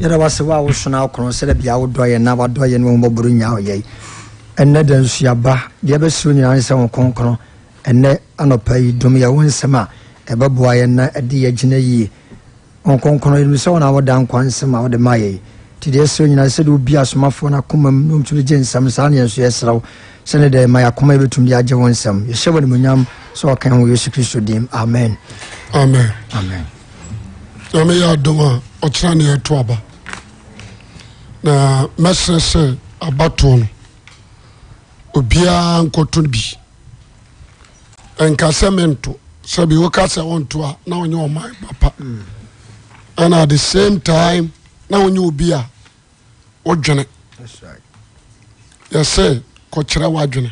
yɛrɛ wase wo a wosona akorɔ sɛdɛ bia wodɔyɛ na wadɔyɛ ne wɔmmɔboro nya ɔyɛi ɛnɛ da nsuaba deɛ bɛsuro nyinaa ne sɛ ɛnɛ anɔpa yi dom yɛ wo nsɛm a ɛbɛboa yɛ na ɛde yɛgyina yie wo kronkron yɛnim sɛ wona woda nsɛm a wode ma yɛi nti deɛ ɛsuro nyinaa sɛde wobi asomafoɔ no akoma mu ne ɔmtumi gye nsɛm saa ne yɛnso yɛserɛ wo sɛne dɛ ma yɛakoma yɛbɛtumi de agye wo amen amen amen ɔkyerɛ ne yɛto aba na mɛsrɛ sɛ abatoɔ no obiara nkɔto no bi ɛnka sɛ mento sɛbi woka sɛ wonto a na wonyɛ ɔman papa ɛna at the same time na wonyɛ obi a wodwene yɛsɛ kɔkyerɛ w'adwene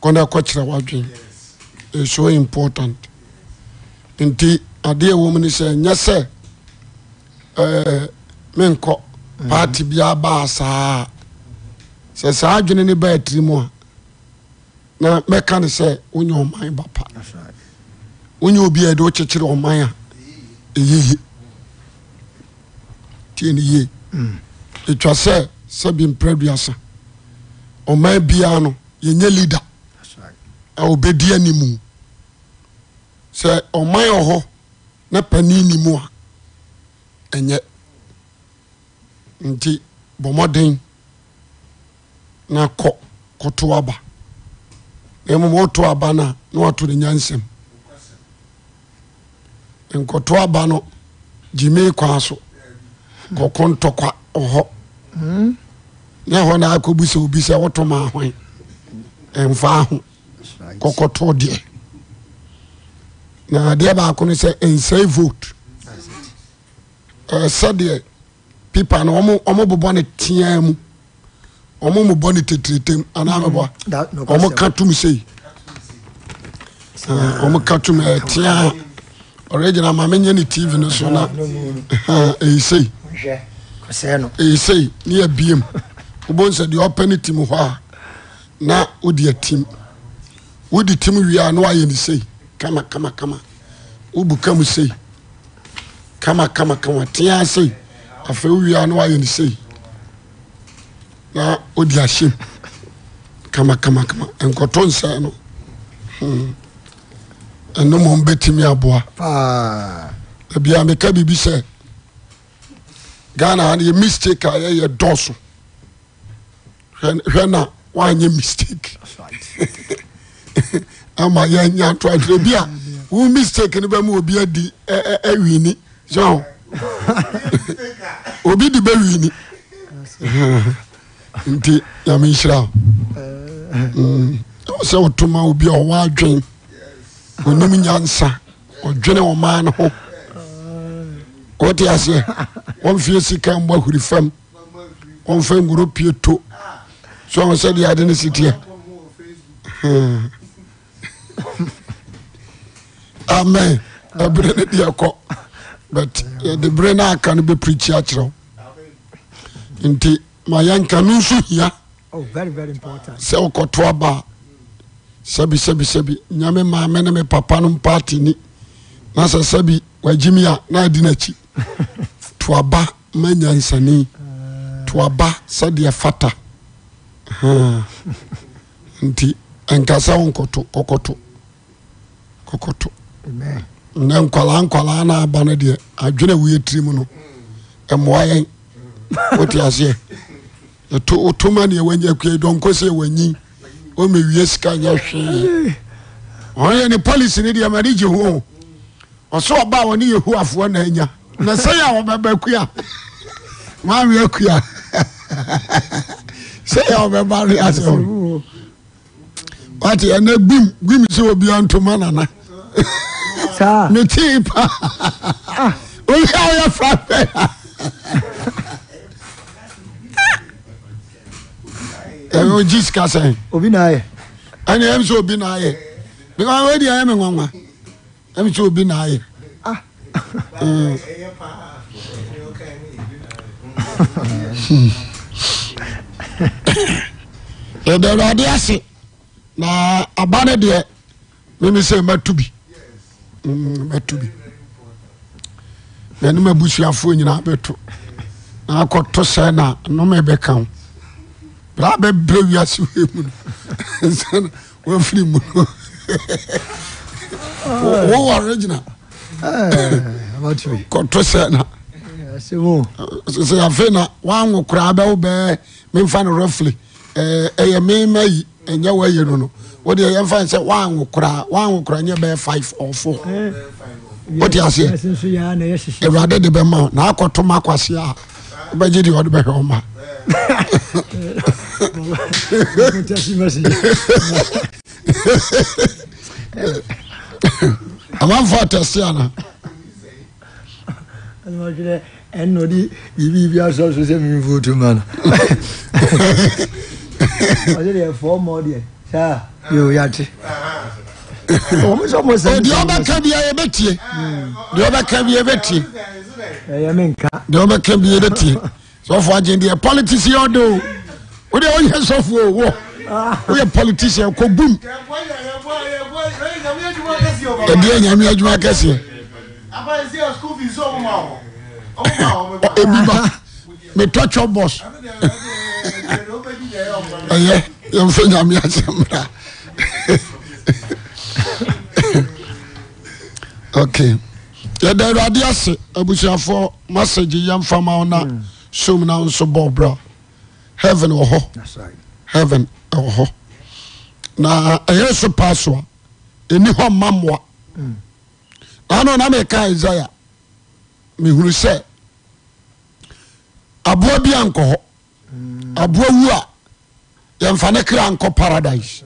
kɔnɛ kɔkyerɛ w'adwene is so important nti adeɛ wɔ mu ni sɛ nyɛ sɛ ɛɛ menkɔ paati bia baa saa sɛ saa adwene ne baa tiri mu a na mɛka ne sɛ wonyɛ ɔman ba pa wonyɛ obi a yɛde wokyekyere ɔman a ɛyeye tie ne yie ɛtwa mm. sɛ sɛbi mprɛduasa ɔman biara no yɛnyɛ leader a ɔbɛdi animu sɛ ɔman wɔ na pani nimu a ɛnyɛ nti mɔden na kɔ kɔto aba na mmom woto aba no na wato ne nyansɛm nkɔto aba no gyime kwan so kɔkɔ ntɔkwa ɔhɔ na ɛhɔ na akɔbu sɛ obi sɛ woto ma ahwan ɛmfa ho kɔkɔto deɛ na adeɛ baako no sɛ nsɛe vote ɛsɛdeɛ pipa no ɔmo ɔmo bobɔ ne teɛ mu ɔmo mo bɔ ne tetetem ana mo bɔ ɔmo ka tum sei ɔmo eh, ka tum ɛ eh, teɛ ɔrɛgyina maame nye ne tv no so na eh, eyi sei eyi sei ne yɛ biem wobɔ nsɛ deɛ ɔpɛ ne tim hɔ a na wodi atim wodi tim wie a na wayɛ ne sei kama kama kama wobu kam sei kama kama kama teɛ sei afei wowia na wayɛ ne sei na odi ahyem kamakamakama nkɔtɔ nsɛn no hmm. ɛno mɔ bɛtumi aboa abia meka biribi sɛ ghana ha no yɛ mistake a yɛyɛ dɔɔso hwɛ na woanyɛ mistake ama yɛnya nto adwerɛ bi a wo mistake no bɛma obi adi awini sɛ obi de bɛwi ni nti yame nhyira wo mm. sɛ wotoma obi a ɔwɔ adwen onim nyansa ɔdwene ɔmaa no ho wote aseɛ wɔmfie sika mbɔ ahuri fam wɔmfa ngoro pie to so ɔho sɛ deɛ ade ne siteɛ amen ɛberɛ ne deɛ kɔ but yɛde berɛ no aka no bɛprikyi akyerɛ wo nti oh, ma yɛnka no nso hia sɛ wokɔtoa baa sɛbi sɛbi sɛbi nyame maa ne me papa no mpaate ni na sɛ sɛbi wagyimi a na adi n'akyi toaba ma nyansani toaba sɛdeɛ fata nti ɛnkasa wo nkɔto kɔkɔto kɔkɔto na nkwalaa nkwalaa na aba no deɛ adwene wo yɛ tiri mu no ɛmmoa yɛn wote aseɛ wotoma neɛ wanya akuai dɔnkɔ sɛ wanyi ɔmɛ wie sika nyɛ hwee ɔyɛ ne policy no deɛ made gye ho ɔsɛ ɔba wɔne yehowafoɔ na anya na sɛi a wɔbɛba kua mawe akua sɛi a wɔbɛba no asɛm wate ɛnɛ gbim gbim sɛ obiaa ntoma nana ne tii pa oyi a yɛ fura fɛ ya. ɛmɛ o ji sika sɛn. obi n'a yɛ. ɛni ɛmi sɛ obi n'a yɛ because o ah. e. E de ɛyɛ mi ŋɔŋma ɛmi sɛ obi n'a yɛ. yɛdɛ ɛwurade ase na aba ne deɛ bɛto bi nanim abusuafoɔ nyinaa bɛto na akɔto na nome bɛka wo brɛ bɛbrɛ wiase hɛ mu no nsana wafiri mu no wowɔ regina kɔto na eh, sɛ afei na woanwo koraa bɛwo bɛɛ memfa no rɛfle eh, ɛyɛ yi ɛnyɛ no no wọ́n deɛ yɛn fain sɛ wanwo koraa wanwo koraa nyɛ bɛyɛ five or four o ti aseɛ ewurade de bɛ ma o na akɔ tom akwasi a o bɛ gye deɛ ɔde bɛ hwɛ ɔma. amanfo atɛsi ana. ɛnna ɔdi biribi bi asɔ so sɛ mi fo tuma na ɔdi deɛ fɔɔ mɔ deɛ saa yóò yá ti. odi eh, ọba kan bi ya ebe tie di ọba kan bi ebe tie di ọba kan bi ebe tie sọfọ ajendeɛ politician ọdọ o o de ọyẹ sọfọ o wọ o yẹ politician ko bum ebi yẹ nyame adwuma kɛseɛ ebi ba mi tɔtɔ bɔs ɛyɛ yɛn fɛ nyame asɛm ra. ok yɛda awurade ase abusuafoɔ masagye yɛmfa ma wo na hmm. som na nso bɔ bra heaven wɔ hɔ heaven ɛwɔ hɔ na ɛyɛ so paa so a ɛni hɔ mma mmoa hmm. na meka isaia mehunu sɛ aboa bi ankɔ hɔ hmm. aboa wu a yɛmfa ne kra ankɔ paradise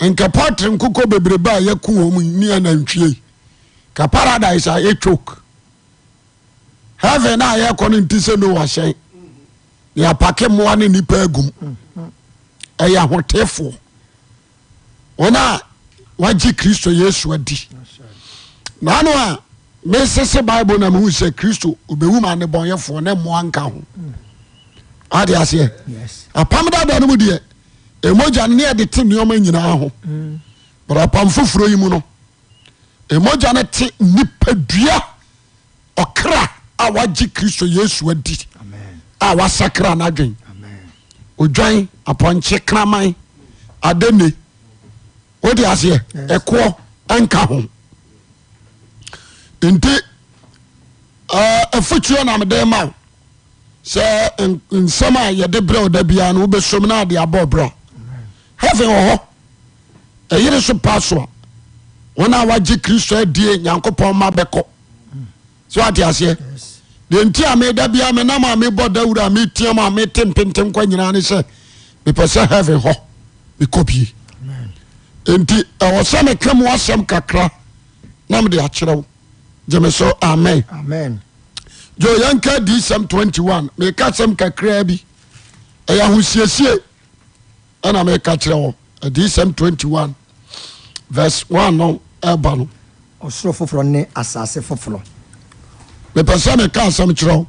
nka patre nkokɔ bebrebe a yɛku wɔ mu ni anantwie ka paradise a yɛtwok heaven a yɛkɔ no nti sɛ no wahyɛn neapake mmoa ne nnipa agum ɛyɛ ahotefoɔ wɔn a wagye kristo yesu adi naano a mesese bible na mehu sɛ kristo obɛwum anebɔnyɛfoɔ ne mmoa nka ho ade aseɛ apam dada no mu deɛ Emoja no ne yɛde te nneɔma nyinaa ho but apam foforo yi mu no mogya no te nnipadua ɔkra a wagye kristo yesu adi a wasakra noadwen odwan apɔnkye kraman adane wode aseɛ ɛkoɔ ɛnka ho nti afotuo namede ma wo sɛ nsɛm a yɛde berɛ o da biaa no wobɛsom no ade abɔ brɛ heven he yere so pasa en waye kristo d yankopan make akerɛ emeso am ekd sm 2a ɛna meka kyerɛ wɔ adisɛm 21 vs 1 no ɛba no ɔsoro foforɔ ne asase foforɔ mepɛ sɛ meka asɛm kyerɛ wo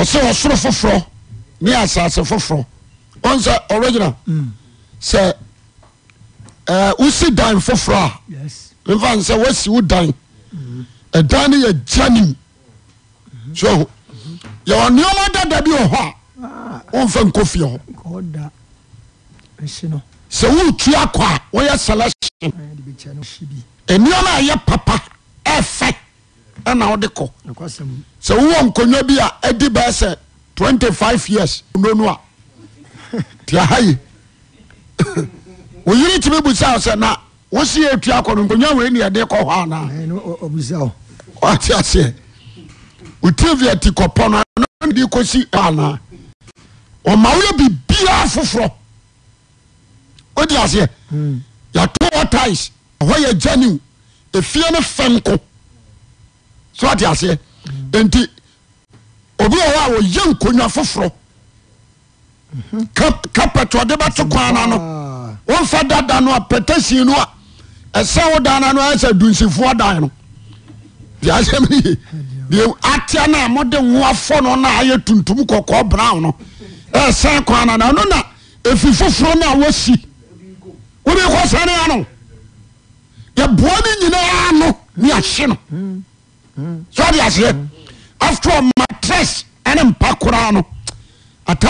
ɔsɛ ɔsoro foforɔ ne asase foforɔ ɔn sɛ ɔregyina mm. sɛ wosi dan foforɔ a mfa n sɛ woasi wo dan ɛdan no yɛgya nim mm-hmm. so yɛwɔ nneɔma dada bi wɔ hɔ a ah. wɔmfa nkɔ fie hɔ sɛ woretua kɔ a woyɛ selection nnuɔma a ɛyɛ papa ɛfɛ ɛna wode kɔ sɛ wowɔ nkonnwa bi a adi bɛɛ sɛ 25 years nonu a tiahaye oyere tumi bu sao sɛ na wosi yɛ tua kɔ no nkonnwa wei ne yɛde kɔ hɔ anaa ɔte aseɛ otiviati kɔpɔ no anaa de kɔsi anaa ɔma woyɛ biribiaa foforɔ wodi aseɛ yɛato watis ɛhɔ yɛ gyanew ɛfie no fɛnko so wate aseɛ enti obi wɔ hɔ a wɔyɛ nkonwa foforɔ kapɛt ɔde bɛto kwana no wɔmfa dada no a pɛtasi no a ɛsɛ wo dana no ɛsɛ dunsifoɔ dan no deasɛmneye atea no a mode woafɔ no na ayɛ tuntum kɔkɔɔ brown no ɛɛsɛn kwana na ɛno na ɛfi foforɔ na a wɔasi wobikɔ saneano yɛboa ne nyinaa no eheoɛɛmatressea ati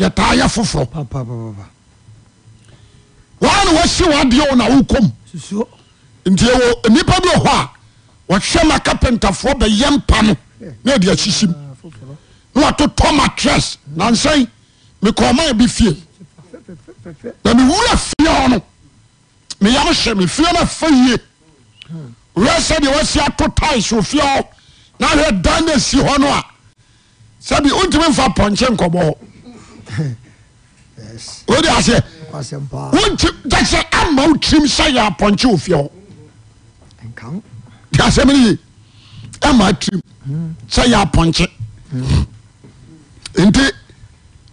yɛaaɛfofoɔanaedeonaontinia bihɔ hwɛ ma kapentafoɔbɛyɛ paɔ meyaohe mefieno fae sɛdɛ wasiatotsofio nadana si hɔna sɛotimifa pɔke nɔ ɛɛ ma otri sɛ yɛpɔke of ma sɛ yɛɔken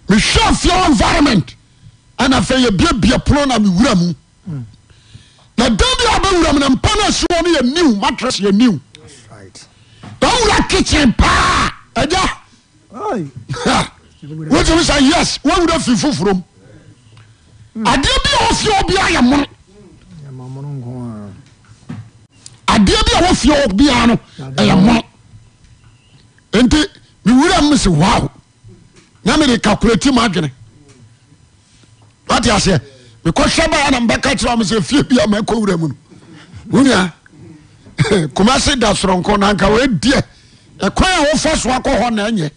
meɛfi nvironen naba na da bia bɛwuram no mpa no asuo no yɛ new matress yɛ new bɛwura kitchen paa agya wotumi sɛ yes wawura fi foforom hmm. adeɛ bi a wɔfie wɔ biara yɛ mono adeɛ bi a wɔfie wɔ biara no ɛyɛ mono nti mewura mu sɛ wow na mede kakurati ma adwene wate aseɛ mekɔhwɛ baa na mbɛka kyerɛ wɔ m sɛ fie bia makɔwura mu no wonua kumase da soronko nanka wadiɛ ɛkwan a wofa soa kɔ hɔ na ɛnyɛ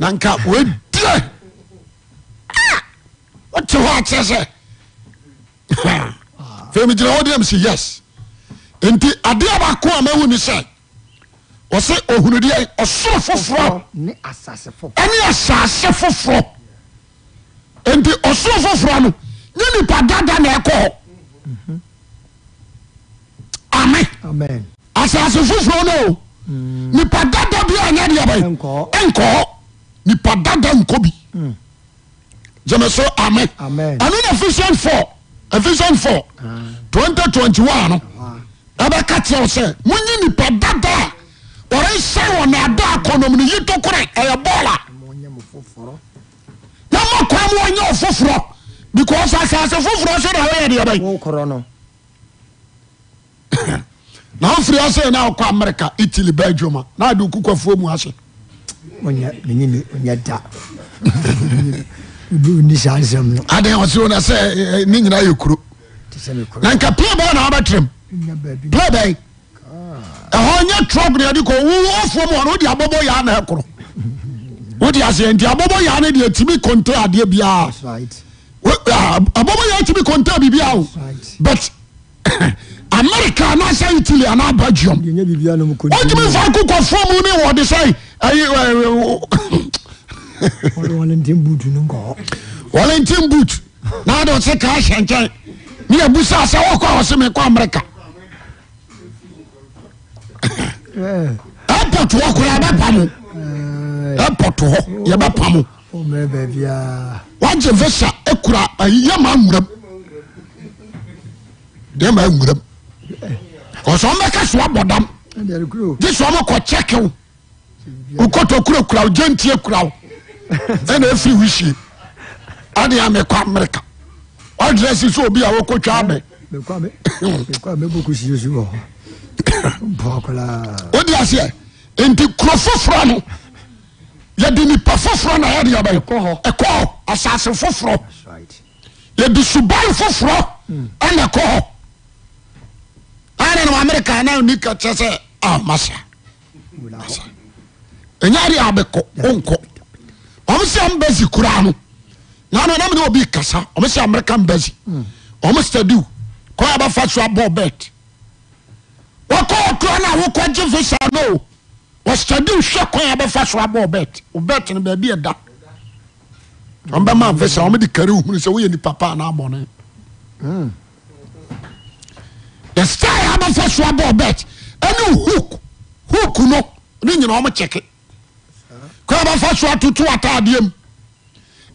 nanka wadiɛ ah! wote hɔ akyerɛ sɛ fei megyina hɔ deam sɛ yes nti adeɛ baako a mawu ne sɛ wɔsɛ ohunudeɛ ɔsoro foforɔ ɛne asase foforɔ nti ɔsoro foforɔ no nye nipa dada na ɛkɔ hɔ amen asase foforɔ no o dada bi a ɛnyɛ deɛ bɛyi nkɔ nipa dada nkɔ bi jẹmẹ so amen ɛnu na Ephesians four Ephesians four ah. twenty twenty one no ah. ɛbɛ ka kyerɛw sɛ mo nyi nipa dada a ɔrehyɛ wɔ na ada akɔnɔm no yi to korɛ ɛyɛ bɔɔla na mo kwan mu ɔnyɛ ɔfoforɔ because asase foforɔ so na woyɛ deɛ bɛyi na wofiri ase na wokɔ amerika italy belgium a na ade okukwafuo mu ase ade ɔse na sɛ eh, eh, ne nyinaa yɛ kuro na nka pia bɛɛ na wobɛterem pla bɛi ɛhɔ nyɛ truck ne ade kɔ wowofoɔ mu ɔno wode abɔbɔ yɛ na ɛkorɔ wode aseɛ nti abɔbɔ yɛ ne deɛ tumi konte adeɛ biara abɔmɔ yɛ tumi kɔnta biribi awo but america anaasɛ italy anaa belgium wɔntumi fa akokɔ fɔmu ne wɔde sɛ Wellington boot na de ɔsɛ kaa hyɛ nkyɛn ne abusa sɛ wɔkɔ a ɔse mekɔ america airport hɔ koraa bɛpa mo airport hɔ yɛbɛpa mo wagye visa ekura ayiya maa nwuram deɛ maa nwuram ɔsɔn bɛka so abɔ dam gye so ɔmo kɔ kyɛkew okoto kura kura o gyentie kura o ɛna efiri wisie ɛna ame kɔ Amerika ɔdrɛ si so obi a wɔkɔ twa abɛ. wodi aseɛ nti kuro foforɔ no yɛde nipa foforɔ na yɛde yɛbɛyɛ ɛkɔ asase foforɔ yɛde suban foforɔ hmm. ɛna ɛkɔ hɔ ɛna na amerika na ni ka kyɛ sɛ ah, a masa ɛnya de abɛkɔ ɔnkɔ ɔmo sɛ mbɛsi koraa no nanu ɛnam de obi kasa ɔmo sɛ amerika mbɛsi hmm. ɔmo stadiw kɔɔ yaba bɛfa so abɔ bɛt wɔkɔ ɔkura na awokɔ gye fi no wɔsitade nhwɛ kwan a bɛfa so abɔ ɔbɛt ɔbɛt no baabi ɛda wɔn bɛ maa nfɛsɛ wɔn de kari ohun sɛ wɔyɛ nipa paa n'abɔ ne hmm. the style a bɛfa so abɔ ɔbɛt ɛne hook hook no ne nyinaa wɔn kyɛkɛ kwan a bɛfa so atutu ataadeɛ mu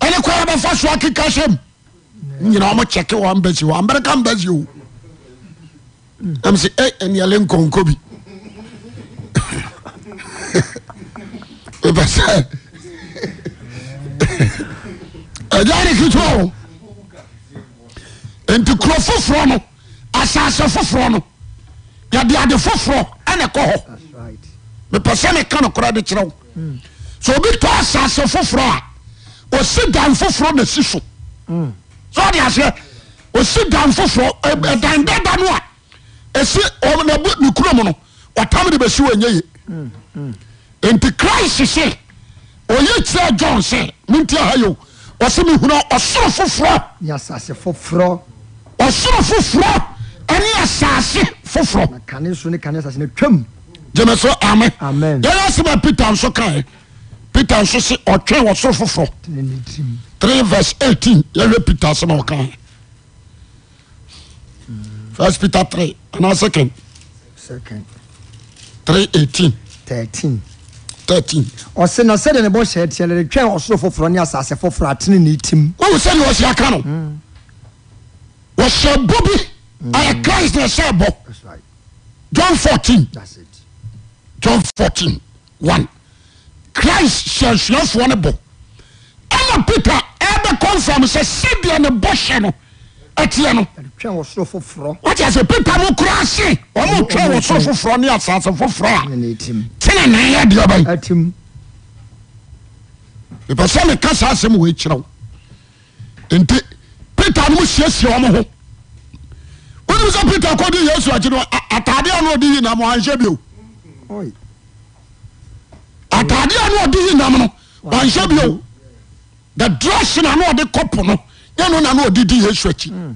ɛne kwan a bɛfa so akeka hyɛ mu ne nyinaa wɔn kyɛkɛ wɔn bɛsi wɔn amɛrika bɛsi o hmm. ɛmu sɛ ɛ ɛniɛlɛ nkɔnkɔ bi ìpè sẹ ẹja ni kìtìwá o nti kuro foforɔ no asase foforɔ no yàda ade foforɔ ɛna ɛkɔ hɔ mepɛ sɛ meka no koraa de kyerɛ wo sɛ obi tɔ asase foforɔ a osi dan foforɔ na si so sɛ ɔde aseɛ osi dan foforɔ ɛdan dada no a esi ɔmo na bu ne kurom no ɔtam de besi wɔnyɛ e yie. E. enti christ sɛ ɔyɛ kyiraa john sɛ monti aha yoo ɔsɛme hunua ɔsoro foforɔ ɔsoro foforɔ ne asase foforɔgemso m yɛyɛ sɛma peter nso ka peter nso se ɔtwen ɔsoro foforɔ3 18 petasɛk 3 three eighteen. thirteen. thirteen. ọ̀sẹ̀ náà sẹ́dẹ̀ ní bọ́ ṣe é tiẹ̀ lẹ́dẹ̀ twẹ́ ọ̀ṣọ́ foforọ ní asase foforọ àtẹnì ní tìmù. wọ́n wù sẹ́ni wọ́n ṣe aka nù. wọ́n ṣe bọ́ bí ayé christ náà ṣe bọ́ john fourteen john fourteen one christ ṣe asuafoɔ ne bọ̀ ɛna peter ɛbɛ confam sɛ sẹ́dẹ̀ ní bọ́ ṣe no ɛtiɛ no twɛn wɔ soro foforɔ. wọ́n ti àṣẹ pípa mu kura ṣe wọ́n mu twɛn wɔ soro foforɔ ní àṣàṣe foforɔ a tẹ́lẹ̀ náà yẹ di ọba yìí. ìpèsè mi ká sá sẹ́mu wòye kyerɛw nti peter ni mo siesie wɔn ho wọ́n ti sọ peter kọ́ di yéésù àti ní àtàdé àná òdi yìí nàmú ànṣẹ́ bi o àtàdé àná òdi yìí nàmú ànṣẹ́ bi o the dress na àná òdi kọ́pù no yẹn no na òdi di yéésù àti. Mm.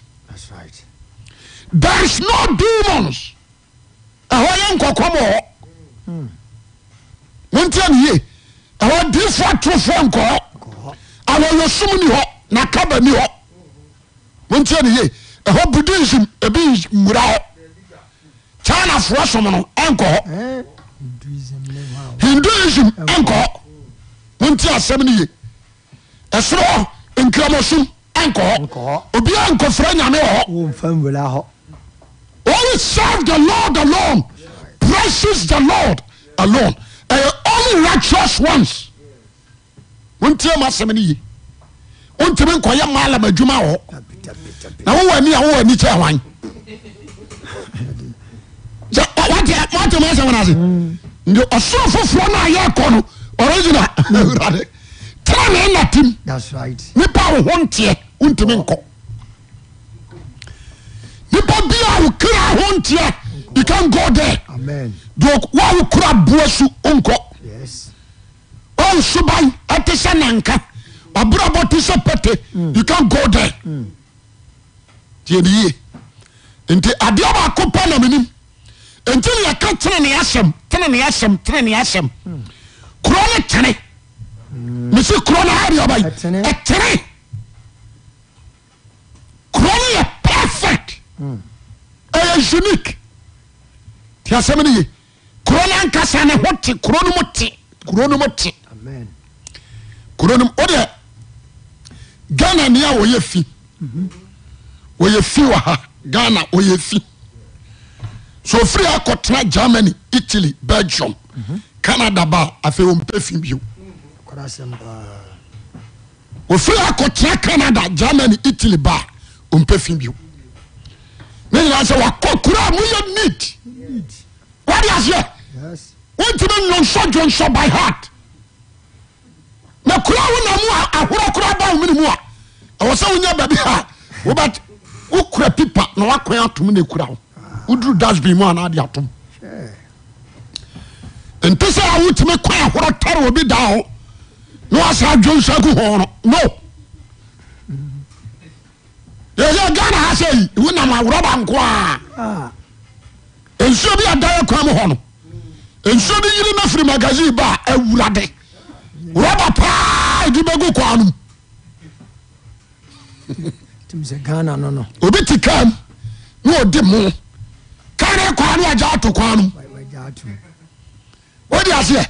tereis no demons ɛhɔ yɛ nkɔkɔm hɔ montianoye ɛhɔdifoɔ torofoɔ nkɔ hɔ awɔwosomni hɔ nakabani hɔ montianye ɛhɔ budism biwura hɔ chinafoɔ som no nkɔ hɔ indoism nkɔ hɔ monti asɛm no ye ɛsoro nkramɔsom nkɔ hɔ i nkɔfra nyamehɔ wotmasɛmneye ontime k yamalamajumao nawowa nowanikasore fof nyɛ k ra natieaoont oni nipa bia okraontwo koraboaso nk sobai tese naka abrbtpe nti adebakop naman ntika kroe teees k ɛɛni tiasɛm ne ye kuro no ankasane ho te kuront kron te kuron wo dɛ ghana nea ɔyɛ fi oyɛ fi waha ghana oyɛfi ɛofiria kɔtena gemany italy belgium canada ba a ɔpɛ f b ofiri a kɔtena canada germany italy ba yiasɛwk kramyɛne wode sɛ wotimi ɔnsuɔ dwonsu by heart na kura wonamu ahorora baomenemu a ɛwɔ sɛ woya babiwora pipa nawowton rawobmme sɛa wotimi kwan ahoro tarwɔbi dao ne wosa dwonsu ku hɔr yɛsɛ ghana ha sɛ yi wonam aworɔba nko a ah. nsuo bi adaɛ kwam hɔ no nsuo bi yiri no firi magazine ba a awurade rɔba paa de bɛgu kwaa no mu obi te kam na ɔdi mo kane kwaa no agya ato kwaa no wode aseɛ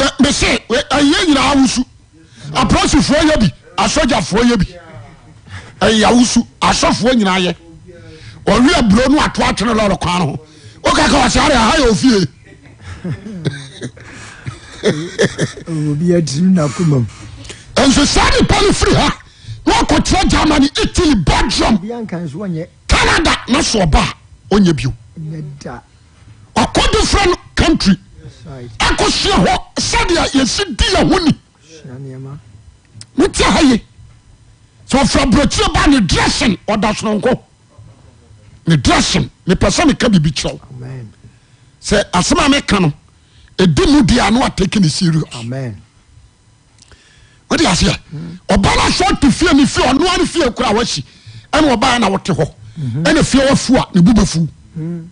eh, mese eh, ɛyɛ nyinaa wosu hmm. aprosifoɔ yɛ bi asogyafoɔ yɛ bi ɛyawosu asɔfoɔ nyina yɛ ɔwe aburo no ato atwene lɔre kwan ho wokaka wɔsare aha yɛ ofie nso saa nipa no firi ha na ɔkɔkyerɛ germany italy belgium canada na so ɔba a ɔnyɛ bio ɔkɔ different country akɔsua hɔ sɛdeɛ yɛsi di yɛ ho ni wotia ha yi sọfra burokyi ba ne dressing ọda soronko ne dressing ne pẹsẹ mi ka bibi kyerɛw sɛ asem a mi ka no edi mu di ano a take ne serious o de aseɛ ɔbaa na sɔ te fie ne fie ɔnoa ne fie kura wasi ɛna ɔbaa na ɔte hɔ ɛna hmm. fie wafu a ne bu bɛ fu ne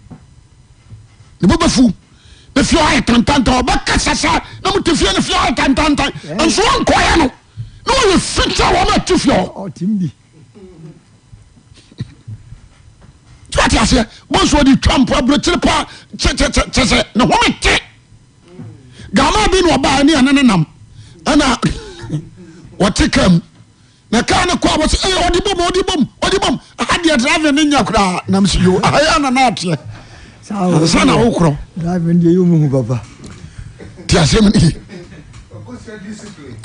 bu bɛ fu ne fie ayɛ tantantan ɔbɛ kasa sa na mo te fie ne fie ayɛ tantantan nso wɔn kɔɛ no. na wɔyɛ fita wɔn ati fia hɔ tí a ti di pa kese ne ho mi gama bi na ɔbaa ne ɛne nam ɛna wɔte kaa na kaa ne kɔ a wɔsi ɛyɛ bom ɔdi bom ɔdi bom aha deɛ ne nya nam si yo aha yɛ anana ateɛ ansa na awokorɔ ne yɛ hu papa ti mi ni.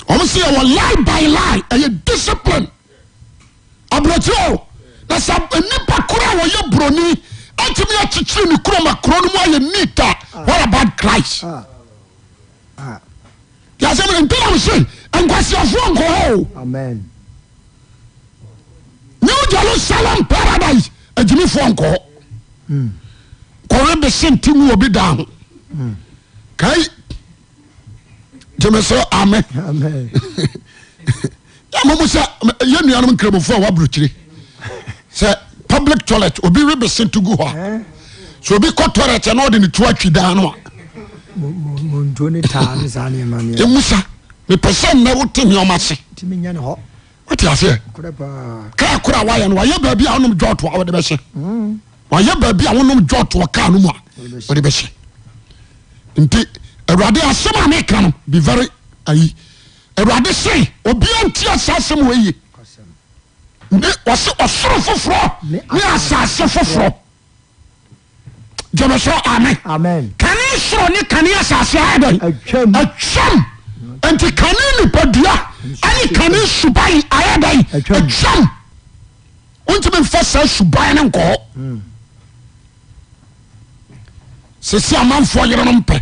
ɔmo sɛ yɛwɔ lie by lie ɛyɛ discipline abrɛkyerɛ o na sɛ nnipa koro a wɔyɛ buroni atumi akyekyere ne kuro ma kuro no mu ayɛ neat a what about Christ ah. yasɛm ntina mo se nkwasiafoɔ nkɔ hɔ o New Jerusalem paradise agyinifoɔ nkɔ kɔre bɛsɛ nti mu wɔ bi daa ho kai jẹmẹ sọ amẹ yà mọ mo sẹ yẹ nuyanum nkiremofo a wà burukyire sẹ public toilet obi ribi sin to gu hɔ a eh? so obi kɔ toilet yɛ na ɔde ne tu atwi dan no a. montuo ne taa ne saa nneɛma nneɛma. emu sa mepɛ sɛ nnɛ wote nneɛma ase. timi nyɛ ne hɔ. wote aseɛ. kaa koro a wayɛ no wayɛ baabi a wonom dwɔɔto a wɔde bɛhyɛ. Mm. wayɛ baabi a wonom dwɔɔto kaa no mu a wɔde bɛhyɛ nti awurade asɛm a meka no be very ayi awurade se obia nti asa asɛm wɔye ɔse ɔsoro foforɔ ne asase foforɔ gyamɛsɛ ame kane soro ne kane asase ayɛdɛn atwam nti kane nipadua ane kane suban ayɛdɛn atwam wontimi mfa saa suban ne nkɔɔ hmm. sɛsi amanfoɔ yere no mpɛ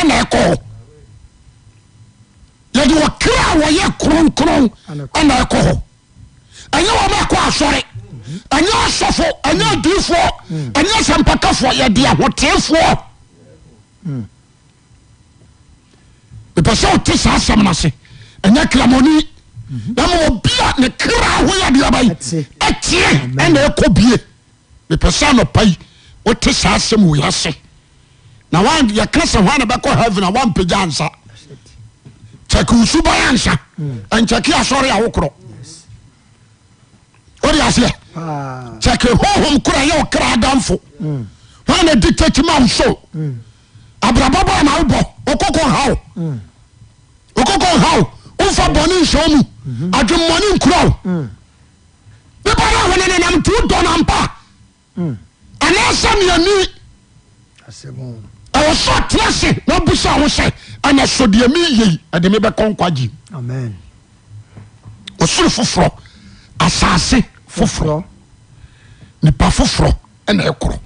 ɛna ɛkɔ yede okraa woyɛ kronkron ana ɛkɔ h ɛye woma ɛkɔ asɔre aya asefo aa adifo aya sampakafo yɛdeahotefoɔ mepɛ sɛ wote saa sɛm no se ɛnya klamni namobia ne kra hoyɛ diaba atie ane ɛkɔbie mepɛ sɛ nopai wo te saa sɛm wease na yɛka sɛ hɔ ne bɛkɔ heaven a wampagya hmm. ansa kyɛke wosubae nsa, ɛnkyɛke asɔre a wo korɔ wode aseɛ kyɛke hohom korɔ yɛ wo kra adamfo hɔ ne dictate ma nso abrabɔbɔ ama wobɔ wokɔkɔ ha wo wokɔkɔ ha wo womfa bɔne nhyɛ mu adwemmɔne nkura wo bibɔne a wone nenam nti wodɔ nampa anaasɛ miani ɛwɔ sɛ ɔtena se na ɔbusa wo sɛ ana sɔ deɛ meyei ɛde me bɛkɔ nkwagye ɔsoro foforɔ asase foforɔ nipa foforɔ ɛna ɛkorɔ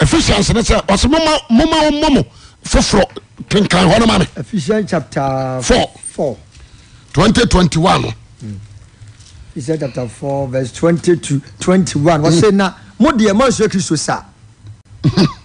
ephesians ne sɛ ɔsɛ moma wɔmmɔ mo foforɔ kenkan hɔ no ma me ephesians chapter 4 4 2021 no Ephesians chapter four, verse twenty to twenty 21 wɔsɛ na mo deɛ moasuo kristo saa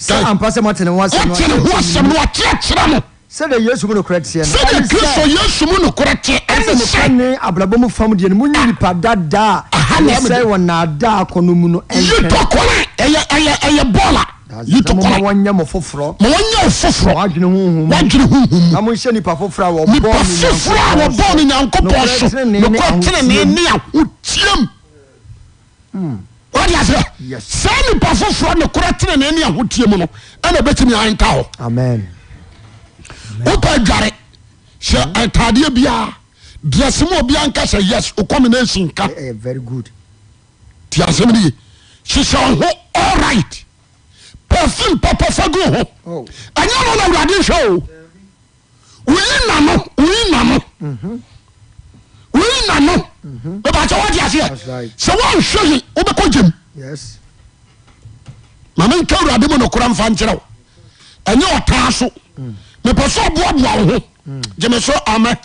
sɛ ampa sɛ mɔtene ho asɛm wotene ho asɛm no wakyerɛkyerɛ no sɛdeɛ yesu mu nokorɛ teɛ sɛdeɛ kristo yesu mu nokorɛ teɛ ɛne ne abrabɔ mu fam deɛ no monyi ah. nipa dadaa sɛ wɔ naadaa kɔ no mu no ɛntɛyitɔkɔre ɛyɛ bɔɔla yitɔkɔre wɔnyɛ mo foforɔ ma wɔnyɛ wo foforɔ wadwene honhom wadwene honhom na monhyɛ nipa foforɔ a wɔbɔɔ nipa foforɔ a wɔbɔɔ no nyankopɔn so nokorɛ tenene ne a wotiam wode aseɛ saa nnipa foforɔ ne kora tena ne ne ahotie mu no ɛna ɛbɛtumi anka hɔ wopɛ adware hyɛ ataadeɛ biara dress mu obiara nka sɛ yes o combination nka eh, eh, ti asɛm no ye hyehyɛ ho all right perfume papa fa gu ho oh. ɛnyɛ no na awurade hwɛ o woyi na no woyi na no mm-hmm. woyi na no mm-hmm. bɛbɛ akyɛ aseɛ sɛ woanhwɛ yi wobɛkɔ gyem ymamenka wra be m ne kora mfa nkyereo ye ota so mepe so boaboaoho yimeso ame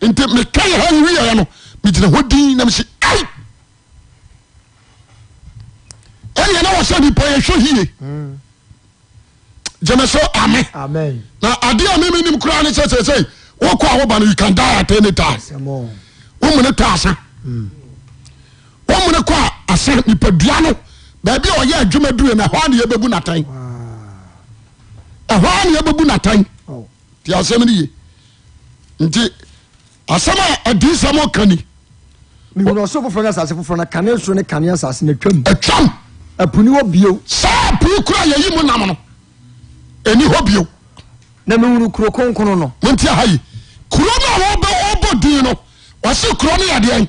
nti mekeayen einahodinns yeneose mipse e yimeso ame n ademni korane sesese wokowobankandat omenetoasanomenek ase nipadua no baabi a ɔyɛ adwuma dure no ɛhɔ a ne yɛbɛbu natan ɛhɔ a ne yɛbɛbu natan nti asɛm no ye nti asɛm a adi sɛm ɔka ni mehunu ɔsoro foforɔ ne asase foforɔ no kane soro ne kane asase no atwam atwam apuni hɔ bio saa apuni kora yɛyi mu nam no ɛni hɔ bio na mehunu kuro kronkrono no monti aha yi kuro no a wɔbɔ din no wɔse kuro no yɛdeɛn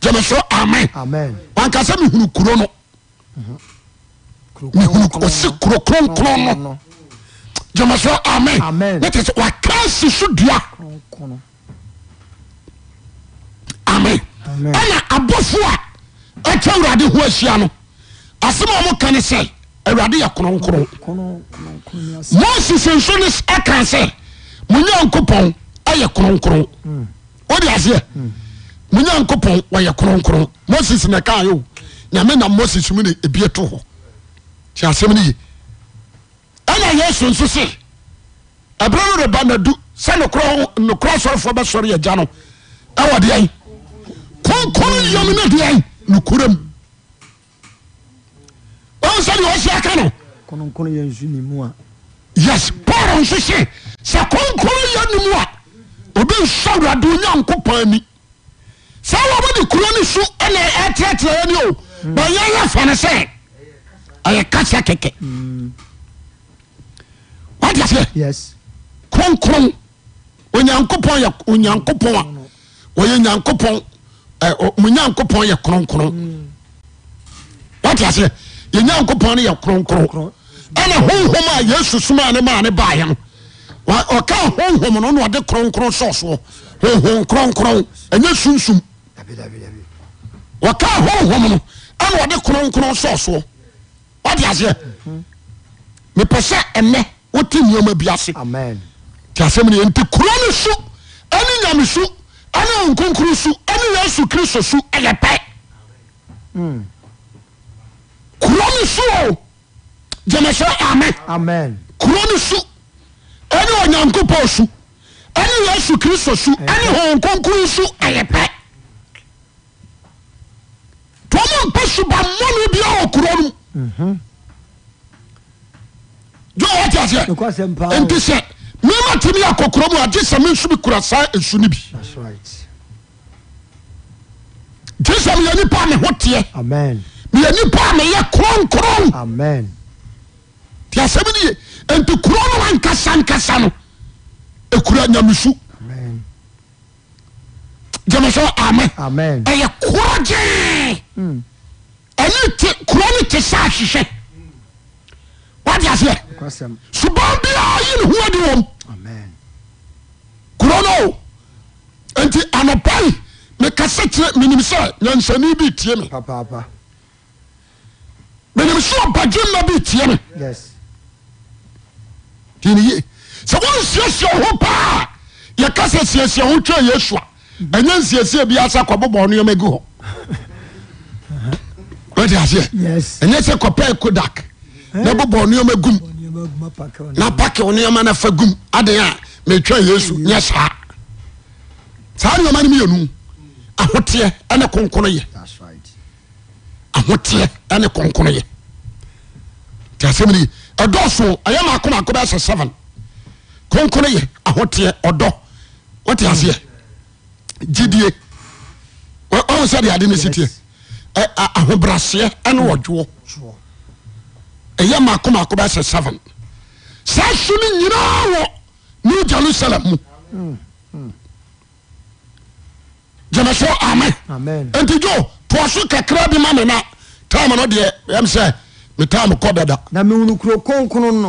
gyemesoro amen wankasa mehunu kuro no osi kuro kronkron no gyemesoro amen ne te sɛ wakra si so dua amen ɛna abɔfo a ɛtwa awurade hu ahyia no asɛm a ɔmo ka ne sɛ awurade yɛ kronkron moses nso ne ɛka sɛ mo nyankopɔn ɛyɛ kronkron wode hmm. aseɛ hmm. monyankopɔn wɔyɛ kronkron moses ne yo nyame nam moses mu ne ɛbie to hɔ ti asɛm no ye ɛna yɛsu nso se ɛberɛ no reba nadu sɛ nokorɔ sɔrefoɔ bɛsɔre yɛgya no ɛwɔ deɛn kronkron yam no pas nokoram ɔhu sɛdeɛ ɔhyia ka no yes paul on se sɛ kronkron yɛ nimu a obi onyankopɔn saa wɔ mɔde kuro ne so ɛna ɛterɛterɛ ne o na yɛyɛ fa no sɛ ɛyɛ kasa kɛkɛ wade aseɛ kronkron onyankopɔn yɛ onyankopɔn a ɔyɛ nyankopɔn mo nyankopɔn yɛ kronkron wate aseɛ yɛ nyankopɔn no yɛ kronkron ɛna honhom a yesu somaa ne maa ne baeɛ no ɔka honhom no na ɔde kronkron sɔɔsoɔ honhom kronkron ɛnyɛ sunsum wɔka hohom no on wɔde kronkron sɔsoɔ wode aseɛ mepɛ sɛ ɛnɛ wote nneɔma bi nti asɛm ne nti kuro no su ɛne nyame yesu kristo su ɛyɛ pɛ hmm. kuro amen kuro no su ɛne onyankopɔn su yesu su ɛne tọmọ mpẹ subammọni bi a wọ kuro no jọ wọ ti aseɛ nti sɛ mmarima ti mi akɔ kuro mu agye sɛ mi nso kura saa esu ni bi gye sɛ mi yɛ nipa mi ho teɛ mi yɛ nipa mi yɛ kronkron ti asɛm ni yɛ nti kuro no wa nkasa nkasa no ekura nyamusu. yɛkroe nee korone te sɛ hwehwɛ weaseɛ suban bia yine hoadi wo kro no nti anapae mekasekyerɛ meni sɛ nyansani bi tiem meni sɛba genna bi tie mesɛ wonsiasiao ho paa yɛasɛ siasiho yɛa ɛnyɛ nsiesie bi asa kɔbɔbɔ nneɛma gu hɔ wọ́n aseɛ ɛnyɛ sɛ kɔpɛ kodak na bɔbɔ nneɛma gum na paki nneɛma na fa gum adi a mɛtwa yesu nyɛ saa saa nneɛma no mu yɛnu ahoteɛ ɛne konkono yɛ ahoteɛ ɛne konkono yɛ te asɛm ni ɛdɔɔso ɛyɛ maako maako bɛyɛ sɛ seven konkono yɛ ahoteɛ ɔdɔ wɔte aseɛ. idie ɛdeahobraseɛ ne mm. wɔ woɔ ɛyɛ maako maako bɛsɛ 7 sɛ some nyinaa wɔ mo jerusalem mu mm, mm. gyamɛso ame enti o pɔ so kekra dema nena tamano deɛ amsɛ metamekɔ dadafoforo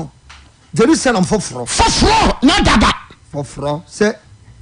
nadada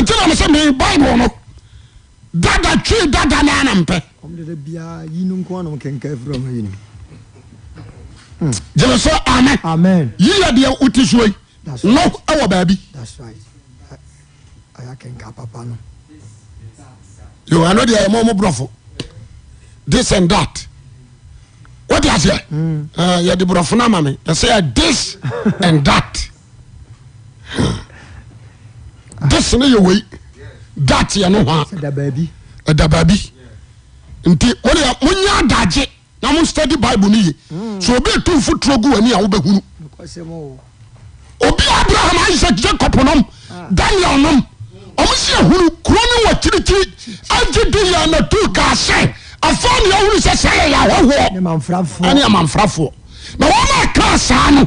nti na mesɛ me bible no dada twe dada no ana mpɛ hmm. gyeme so amen yiyɛ deɛ wote soa yi no ɛwɔ baabi yo ɛno deɛ yɛmɔ mo borɔfo this and that wode aseɛ hmm. eh, yɛde borɔfo no ama me yɛsɛ yɛ this and that ase ne yɛ wei dat yɛ no ho a ɛda baabi nti wode monya adagye na mo study bible no ye hmm. sɛ obi ɛtu mfotoro gu wani a wobɛhunu obi abraham isaac jacob nom ah. daniel nom ɔmo si ahunu kuro ne wɔ kyirikyiri agye di yɛ anatu kaa sɛ afa ne ahunu sɛ sɛ yɛ yɛahɔhoɔ ɛne na wɔn a kaa saa no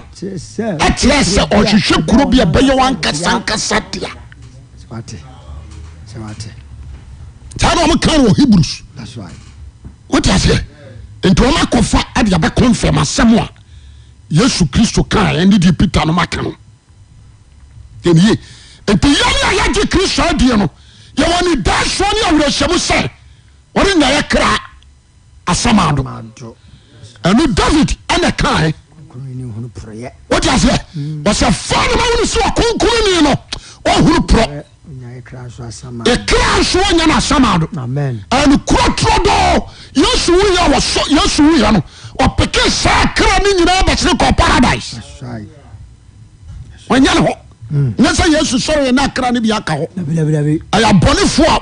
ɛkyerɛ sɛ ɔhwehwɛ kuro bi a ɛbɛyɛ wankasa nkasa saa na ɔmo kan wɔ hebrews wote aseɛ nti ɔmo akɔfa ade abɛko mfɛm asɛm a yesu kristo kan ɛne de peter no maka no ɛniye nti yɛne a yɛgye kristo adie no yɛwɔ ne daa soɔ ne awerɛhyɛmu sɛ ɔre nya yɛ kra asɛm ado ɛno david ɛna kae wote aseɛ ɔsɛ fa no ma wone sɛ ɔkonkroni no Eh, kra nso yan asama dok d saakra n yiɛk padisayfyɛ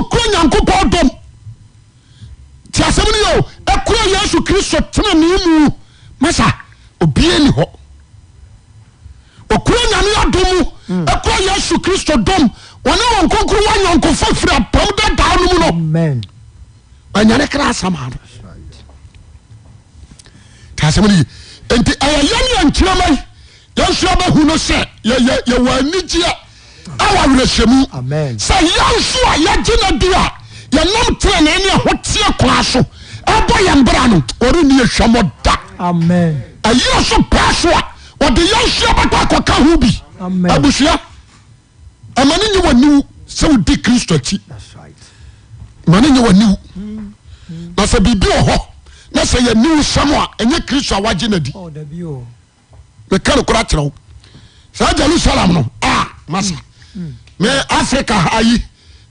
ɔyɛ yankɔ sɛmnyɛkora yesu kristo tena nemu masa oini hɔɔro yanmr mm. yesu kristo nekonr yɔnfɔ firiaamnaniɛne ankyiramaiɛuɛyɛnaweyɛms yansaaenaa nneho teɛ koa soɛɔ yɛmra no rnaamɔda ah, so paɛ soa ɔde yɛsa baakka mm. ho mm. bi abusa amane nyɛ wan sɛ wodi kristo ati mane nyɛwn nasɛ biribi hɔ na sɛ yɛne sɛm a ɛyɛ kristo awage nadi eka nokrakyerɛwo saajerusalem o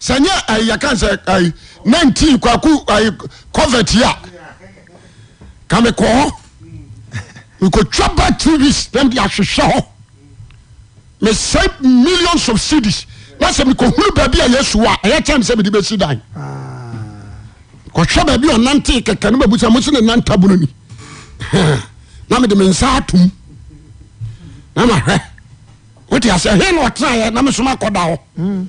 sɛ nyɛ ayi yɛka sɛ ayi nineteen kwaku ayi covid yia kàmi kɔ hɔ nkotwa ba two weeks dem de ahwehwɛ hɔ mɛ millions of cities na sɛ mi kò baabi a yɛsu a ɛyɛ kyɛn sɛ mede bɛsi dan kɔhwɛ baabi a ɔnante kɛkɛ no babu bu sɛ mo si ne nanta bunu ni na mede me nsa atom na mahwɛ hwɛ o ti a na ɔtena yɛ na mi soma kɔ da hɔ.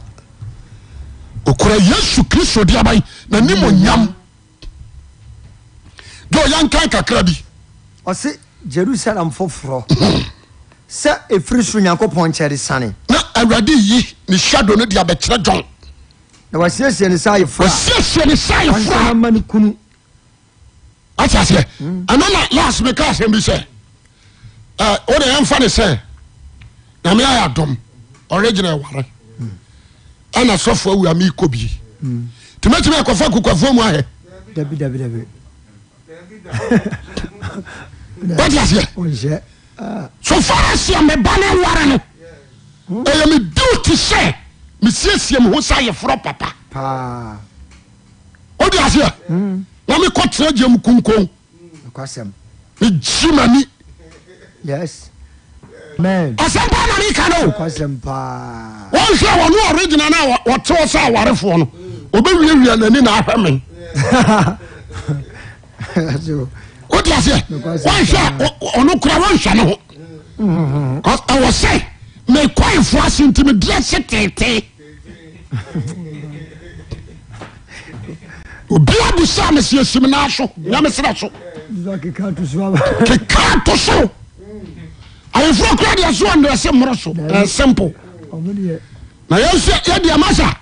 okura yesu kristo di aban na ni mo nyam de ɔyɛ nkan kakra bi. ɔsi jerusalem foforɔ sɛ efiri so nyankopɔn nkyɛn sani. na awurade yi ni shadow no di abɛkyerɛ jɔn. na wasiesie ne sa ayefra. wasiesie ne sa ayefra. wansan ama ne kunu. ati aseɛ hmm. ɛnna na last mi ka asɛm bi sɛ ɛɛ o de yɛn fa ne sɛ nyame ayɛ adom original ware ɛna sɔfo awura mi kɔ bi tìmɛtìmɛ akɔfɔ akokɔfo mu ahɛ. dabi dabi dabi. wọ́n ti aseɛ. sɔfo aseɛ mɛ ba ne wara no ɛyɛ mi duuti sɛ mi siesie mi ho yɛ fɔlɔ papa. o di aseɛ na mi kɔ tẹ̀lé jẹ́ mu kunkun mi jí ma ni. yes asɛmpa na ne ka no wɔnhwɛ wɔne ɔregina no a wɔtew sɛ awarefoɔ no ɔbɛwiawia n'ani na ahwɛ me wode aseɛ wɔnhwɛ ɔno kora wɔnhwɛ ne ho ɛwɔ sɛ mekɔefoɔ ase nti medeɛ se teetee obia bu sa meseasim naa so nyamesrɛ so keka to so ayeforo kora deɛ so ɔndeɛ se mmoro so ɛnsimple na yɛsɛ yɛde ama sa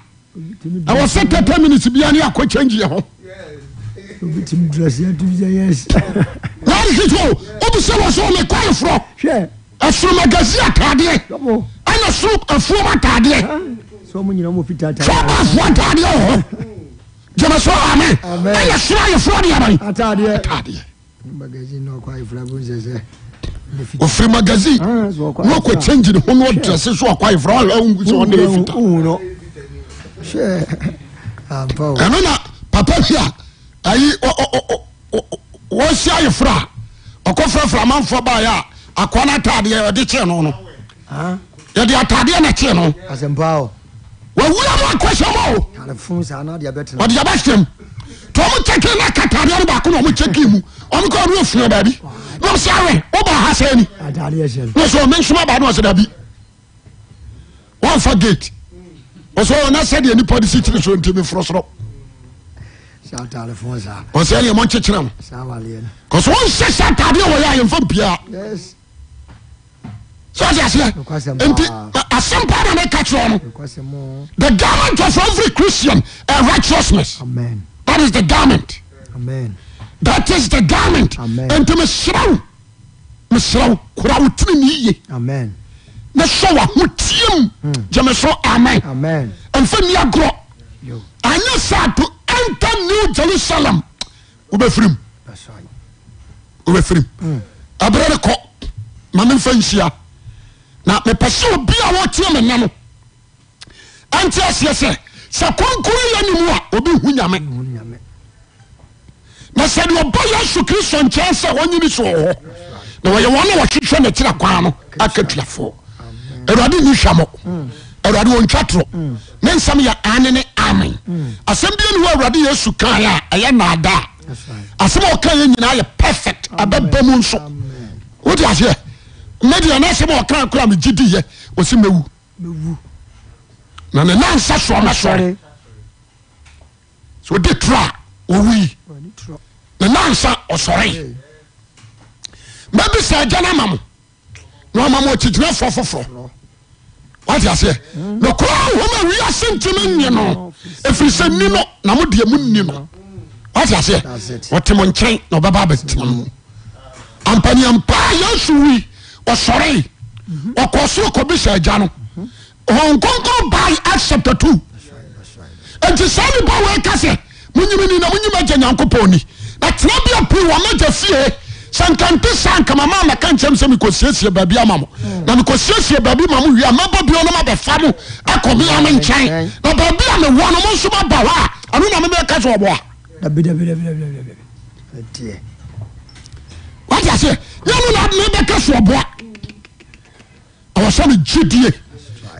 ɛwɔ sɛ tɛtɛ minutes bia ne akɔ kyɛngyeɛ hɔ narekito wobisɛ wɔ sɛ ɔmekɔ ayeforo ɛsoromagasi ataadeɛ ɛna soro afuom ataadeɛ sɔbafoɔ ataadeɛ wɔ hɔ gyamaso ame ɛyɛ soro ayeforo deɛ ban ataadeɛ ofiri magazine na ah, ɔkɔ change ne ho no ɔdrɛ so akwa ayefra wa ahu sɛ ɔne ɛfita na papa bi a ayi wɔsi ayefra a ɔkɔ frafra amanfoɔ baeɛ a akɔ no atadeɛ ɔde kyee no no yɛde ataadeɛ na kyee no wawura no akɔhyɛ o ɔde yɛbɛhyɛm kyɛkiri na katadeɛ no baako na ɔmo kyɛkiri mu ɔmo kɔ ɔmo efunu baabi na ɔsi awɛ ɔba ha sɛ ni na ɔsi ɔmo nsoma baa na ɔsi dabi wɔnfa gate ɔsi ɔmo na sɛdeɛ nipa de tiri so ntumi forosoro ɔsi ɛni ɛmo nkyekyere mo kɔsɔ wɔn nhyɛ sɛ ataadeɛ wɔ yɛ a yɛn fɔ mpia sọ́jà sẹ́ nti asempa na mi ka kyerɛ the government of every Christian a righteousness. Amen. i gment nti meserɛwo meserɛwo korawo timimeiye ne sɛwa ho tiam hmm. gye me so aman ɛmfa nniagorɔ anye sato enter new jerusalem wobɛfirim wobɛfirim ɛberɛ hmm. de kɔ mamemfa nsia na mepɛ sɛobia wɔteɛ mena no ante aseɛ sɛ sɛ konkoro yɛ ni mu a ɔbɛhu nyame asɛne ɔba yesu kristo nkyɛn sɛ em so eɛ ira aesn m u kaasa ae tro wi nenansa ɔsɔre mɛbi sɛ agya no ama na ɔma mo akyigyinafoɔ foforɔ wate aseɛ na kora hom a wiase ntimi nye no ɛfiri sɛ ni no na modeɛ mu nni no wate aseɛ ɔte mo nkyɛn na ɔbɛba abɛtim no ampaniampaa yesu wi ɔsɔre mm-hmm. ɔkɔ soro kɔbi sɛ agya no hɔn kɔnkɔn baa acts chapter two nti saa nipa wɔ ɛka sɛ ni na monyimi agya nyankopɔn ni ɛtena bia pii wɔ magya fie sɛ nkante saa nkamama a mɛka nkyɛm sɛ mekɔsiesie baabi ama mo na mekɔsiesie baabi ma mo wie a mɛbɔ bio no mabɛfa mo akɔmea no nkyɛn na baabi a mewɔ no mo nso maba hɔ a ɛno na memɛka sɛ ɔboa wate aseɛ yɛno na mebɛka so ɔboa ɛwɔ sɛ me gyidie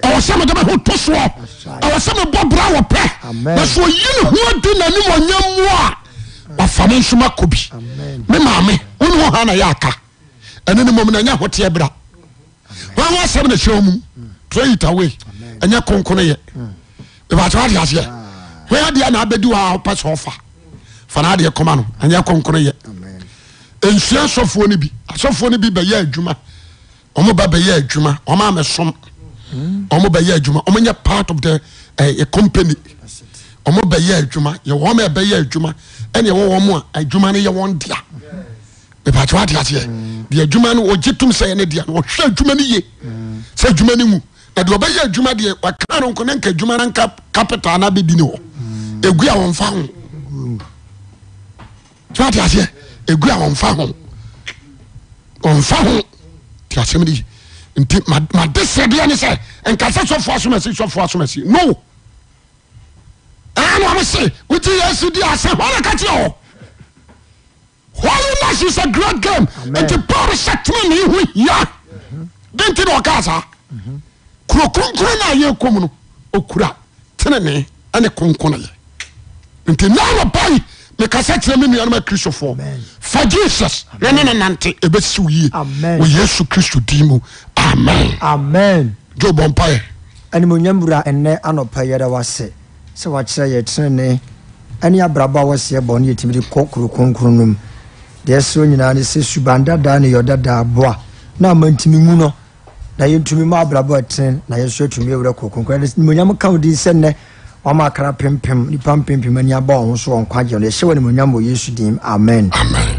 ɛwɔ sɛ mede me ho to soɔ ɛwɔ sɛ mebɔ bra wɔ pɛ na sɛ ɔyi ne ho adi nanim ɔnyɛ mmoa a wafame nsoma ko bi me maame wone ho ha na yɛ aka ɛne no mmom na ɛnyɛ hoteɛ bra wawo asɛm na hyɛ mu throw it away ɛnyɛ konkono yɛ hmm. ɛbɛkyɛ wade aseɛ ah. wɔyɛ adeɛ na abɛdi wɔ a wopɛ sɛ ɔfa fa na adeɛ kɔma no ɛnyɛ konkono yɛ nsua asɔfoɔ no bi asɔfoɔ no bi bɛyɛ adwuma ɔmo ba bɛyɛ adwuma ɔmo amɛsom hmm. ɔmo bɛyɛ adwuma ɔmo nyɛ part of the uh, company ɔmo bɛyɛ adwuma yɛwɔ ɔmo ɛbɛyɛ adwuma ɛna ɛwɔ wɔn a adwuma no yɛ wɔn dea bɛbàtɛ wa di aseɛ deɛ adwuma no ɔgye tum sɛ yɛ ne dea no ɔhwɛ adwuma no yie sɛ adwuma no mu na deɛ ɔbɛyɛ adwuma deɛ wakaa no nko ne nka adwuma no nka capital na bɛ di ne hɔ egu a wɔn fa ho tí wa di aseɛ egu a wɔn fa ho wɔn fa ho ti asɛm ni nti ma de sɛ deɛ ni sɛ nkasa sɔfo asomasi sɔfo asomasi no. se tyesu dseka sɛ gre gam nt rrann obopa anim oya bura ɛnɛ anɔpa yɛdwa sɛ sɛ wakyerɛ yɛ tenene ɛne abrabɔ a wɔseɛ bɔ no yɛtumi de kɔ kuro kronkron no mu deɛ ɛsɛ nyinaa ne sɛ suban dadaa ne yɛdadaa boa na ama ntumi mu no na yɛntumi ma abrabɔ ɛtene na yɛso atumi awura kuro kronkron ɛde nimonyam ka wo din sɛ nnɛ wama akra pempem nipa mpempem ani aba wo ho so wɔ nkwagye no yɛhyɛ wɔ nimonyam wɔ yesu din amen amen